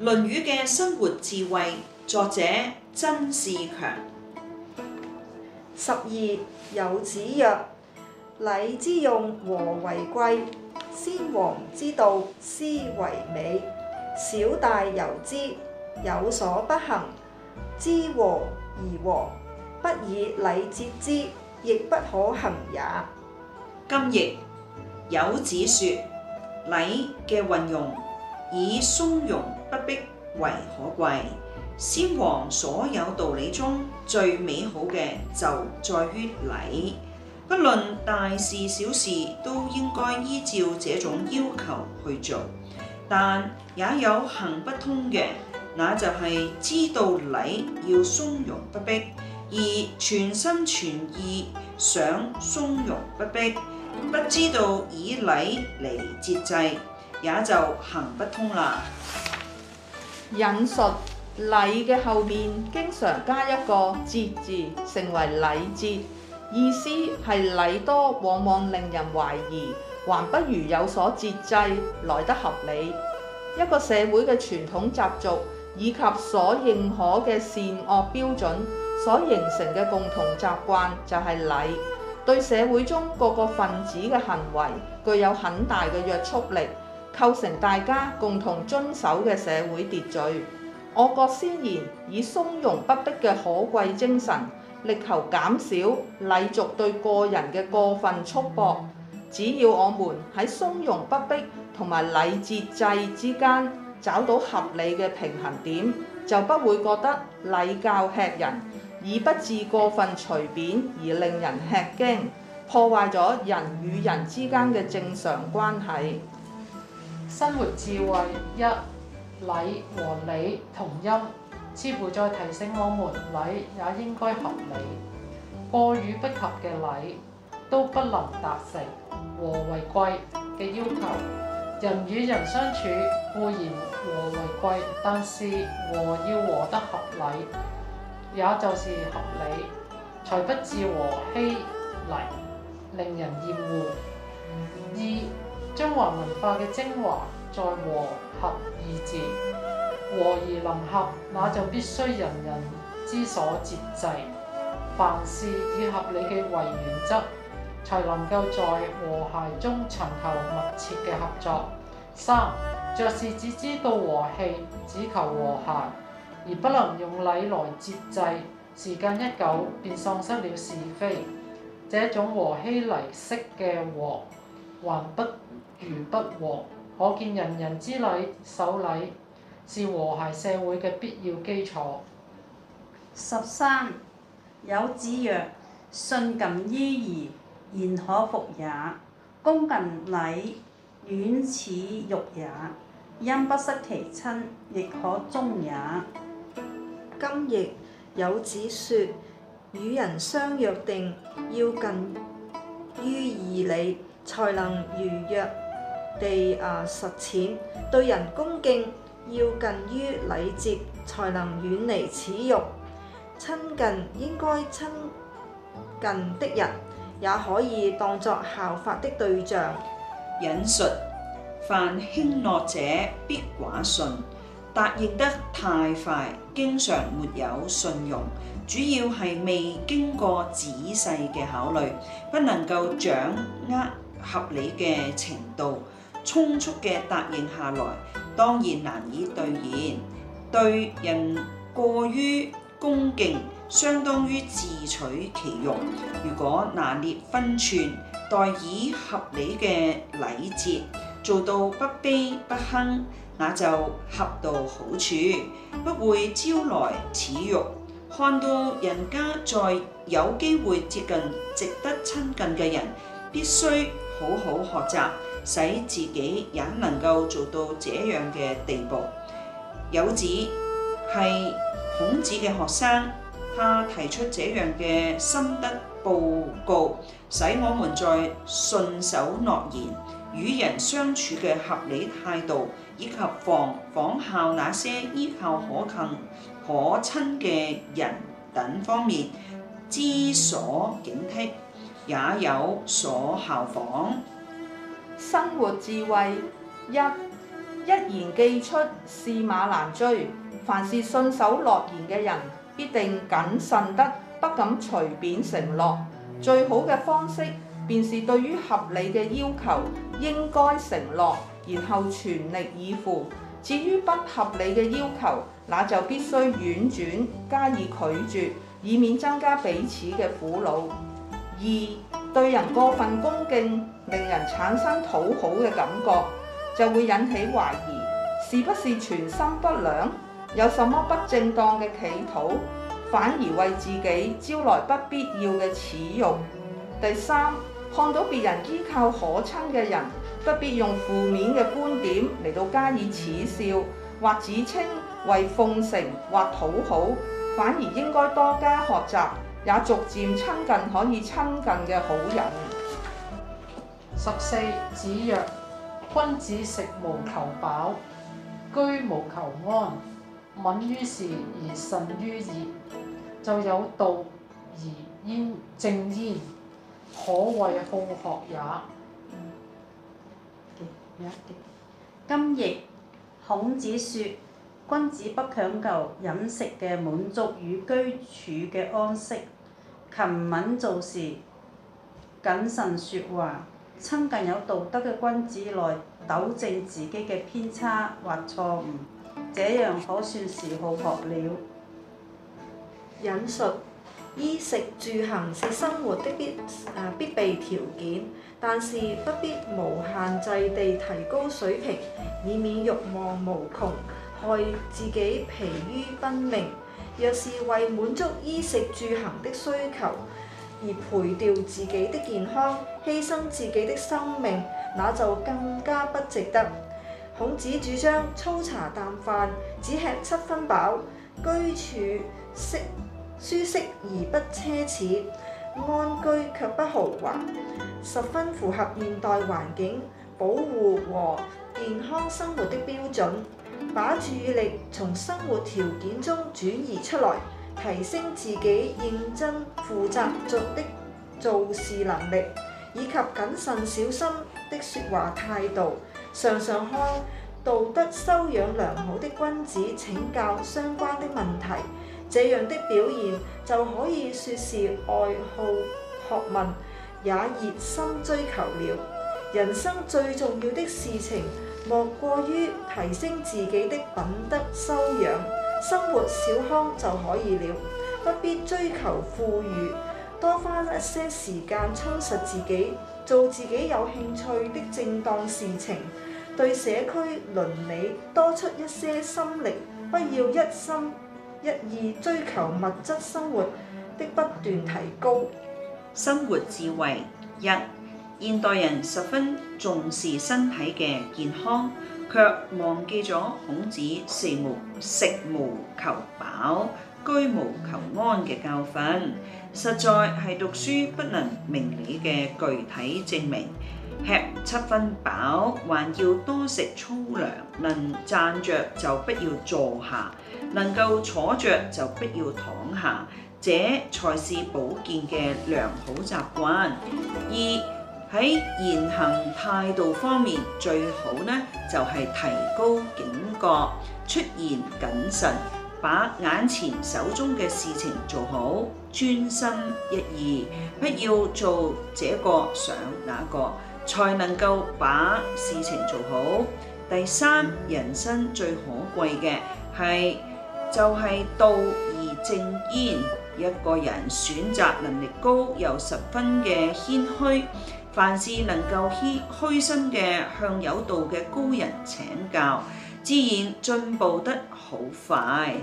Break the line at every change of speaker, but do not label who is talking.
《論語》嘅生活智慧，作者曾仕強。
十二有子曰：禮之用，和為貴。先王之道，斯為美。小大由之，有所不行。知和而和，不以禮節之，亦不可行也。
今亦有子說禮嘅運用，以松容不迫為可貴，先王所有道理中最美好嘅就在於禮。不論大事小事，都應該依照這種要求去做。但也有行不通嘅，那就係知道禮要松容不迫，而全心全意想松容不迫，不知道以禮嚟節制，也就行不通啦。
引述禮嘅後面經常加一個節字，成為禮節。意思係禮多往往令人懷疑，還不如有所節制來得合理。一個社會嘅傳統習俗以及所認可嘅善惡標準，所形成嘅共同習慣就係禮，對社會中各個分子嘅行為具有很大嘅約束力。構成大家共同遵守嘅社會秩序。我國先賢以從容不迫嘅可貴精神，力求減少禮俗對個人嘅過分束縛。只要我們喺從容不迫同埋禮節制之間找到合理嘅平衡點，就不會覺得禮教吃人，以不致過分隨便而令人吃驚，破壞咗人與人之間嘅正常關係。生活智慧一，
禮和理同音，似乎在提醒我們禮也應該合理，過與不及嘅的禮都不能達成和為貴嘅要求。人與人相處固然和為貴，但是和要和得合理，也就是合理，才不致和稀泥，令人厭惡。中華文化嘅精華在和合二字，和而能合，那就必須人人知所節制，凡事以合理嘅為原則，才能夠在和諧中尋求密切嘅合作。三著是只知道和氣，只求和諧，而不能用禮來節制，時間一久便喪失了是非，這種和稀泥式嘅和。還不如不和，可見人人之禮守禮是和諧社會嘅必要基礎。十三
有子曰：信近於義，言可復也；恭近禮，遠恥辱也。因不失其親，亦可宗也。今亦有子說：
與人相約定，要近於義理。才能如約地啊實踐。對人恭敬要近於禮節，才能遠離恥辱。親近應該親近的人，也可以當作效法的對象。引述，
凡輕諾者必寡信，答應得太快，經常沒有信用，主要係未經過仔細嘅考慮，不能夠掌握。合理嘅程度，匆促嘅答應下來，當然難以兌現。對人過於恭敬，相當於自取其辱。如果拿捏分寸，待以合理嘅禮節，做到不卑不亢，那就恰到好處，不會招來恥辱。看到人家在有機會接近值得親近嘅人，必須。好好學習，使自己也能夠做到這樣嘅地步。有子係孔子嘅學生，他提出這樣嘅心得報告，使我們在信守諾言、與人相處嘅合理態度，以及防仿效那些依靠可近可親嘅人等方面，知所警惕。也有所效仿。
生活智慧一，一言既出，駟馬難追。凡是信守諾言嘅人，必定謹慎得不敢隨便承諾。最好嘅方式，便是對於合理嘅要求應該承諾，然後全力以赴。至於不合理嘅要求，那就必須婉轉加以拒絕，以免增加彼此嘅苦惱。二，對人過分恭敬，令人產生討好嘅感覺，就會引起懷疑，是不是存心不良，有什麼不正當嘅企圖，反而為自己招來不必要嘅恥辱。第三，看到別人依靠可親嘅人，不必用負面嘅觀點嚟到加以恥笑，或指稱為奉承或討好，反而應該多加學習。也逐漸親近可以親近嘅好人。十四，子曰：君子食無求飽，居無
求安，敏於事而慎於言，就有道而焉正焉，可謂好學也。
今日孔子説。君子不強求飲食嘅滿足與居處嘅安息，勤敏做事，謹慎說話，親近有道德嘅君子來糾正自己嘅偏差或錯誤，這樣可算是好學了。引述：
衣食住行是生活的必，啊，必備條件，但是不必無限制地提高水平，以免慾望無窮。害自己疲於奔命，若是為滿足衣食住行的需求而賠掉自己的健康、犧牲自己的生命，那就更加不值得。孔子主張粗茶淡飯，只吃七分飽，居處適舒適而不奢侈，安居卻不豪華，十分符合現代環境保護和健康生活的標準。把注意力從生活條件中轉移出來，提升自己認真負責做的做事能力，以及謹慎小心，小心的說話態度。常常向道德修養良好的君子請教相關的問題，這樣的表現就可以說是愛好學問，也熱心追求了。人生最重要的事情，莫過於提升自己的品德修養，生活小康就可以了，不必追求富裕。多花一些時間充實自己，做自己有興趣的正當事情，對社區倫理多出一些心力，不要一心一意追求物質生活的不斷提高。生活智慧一。現代人十
分重視身體嘅健康，卻忘記咗孔子四無，食無求飽，居無求安嘅教訓，實在係讀書不能明理嘅具體證明。吃七分飽，還要多食粗糧，能站着就不要坐下，能夠坐着就不要躺下，這才是保健嘅良好習慣。二。喺言行態度方面，最好呢就係、是、提高警覺，出言謹慎，把眼前手中嘅事情做好，專心一意，不要做這個想那個，才能夠把事情做好。第三，人生最可貴嘅係就係、是、道而正焉，一個人選擇能力高又十分嘅謙虛。凡是能夠虛心嘅向有道嘅高人請教，自然進步得好快。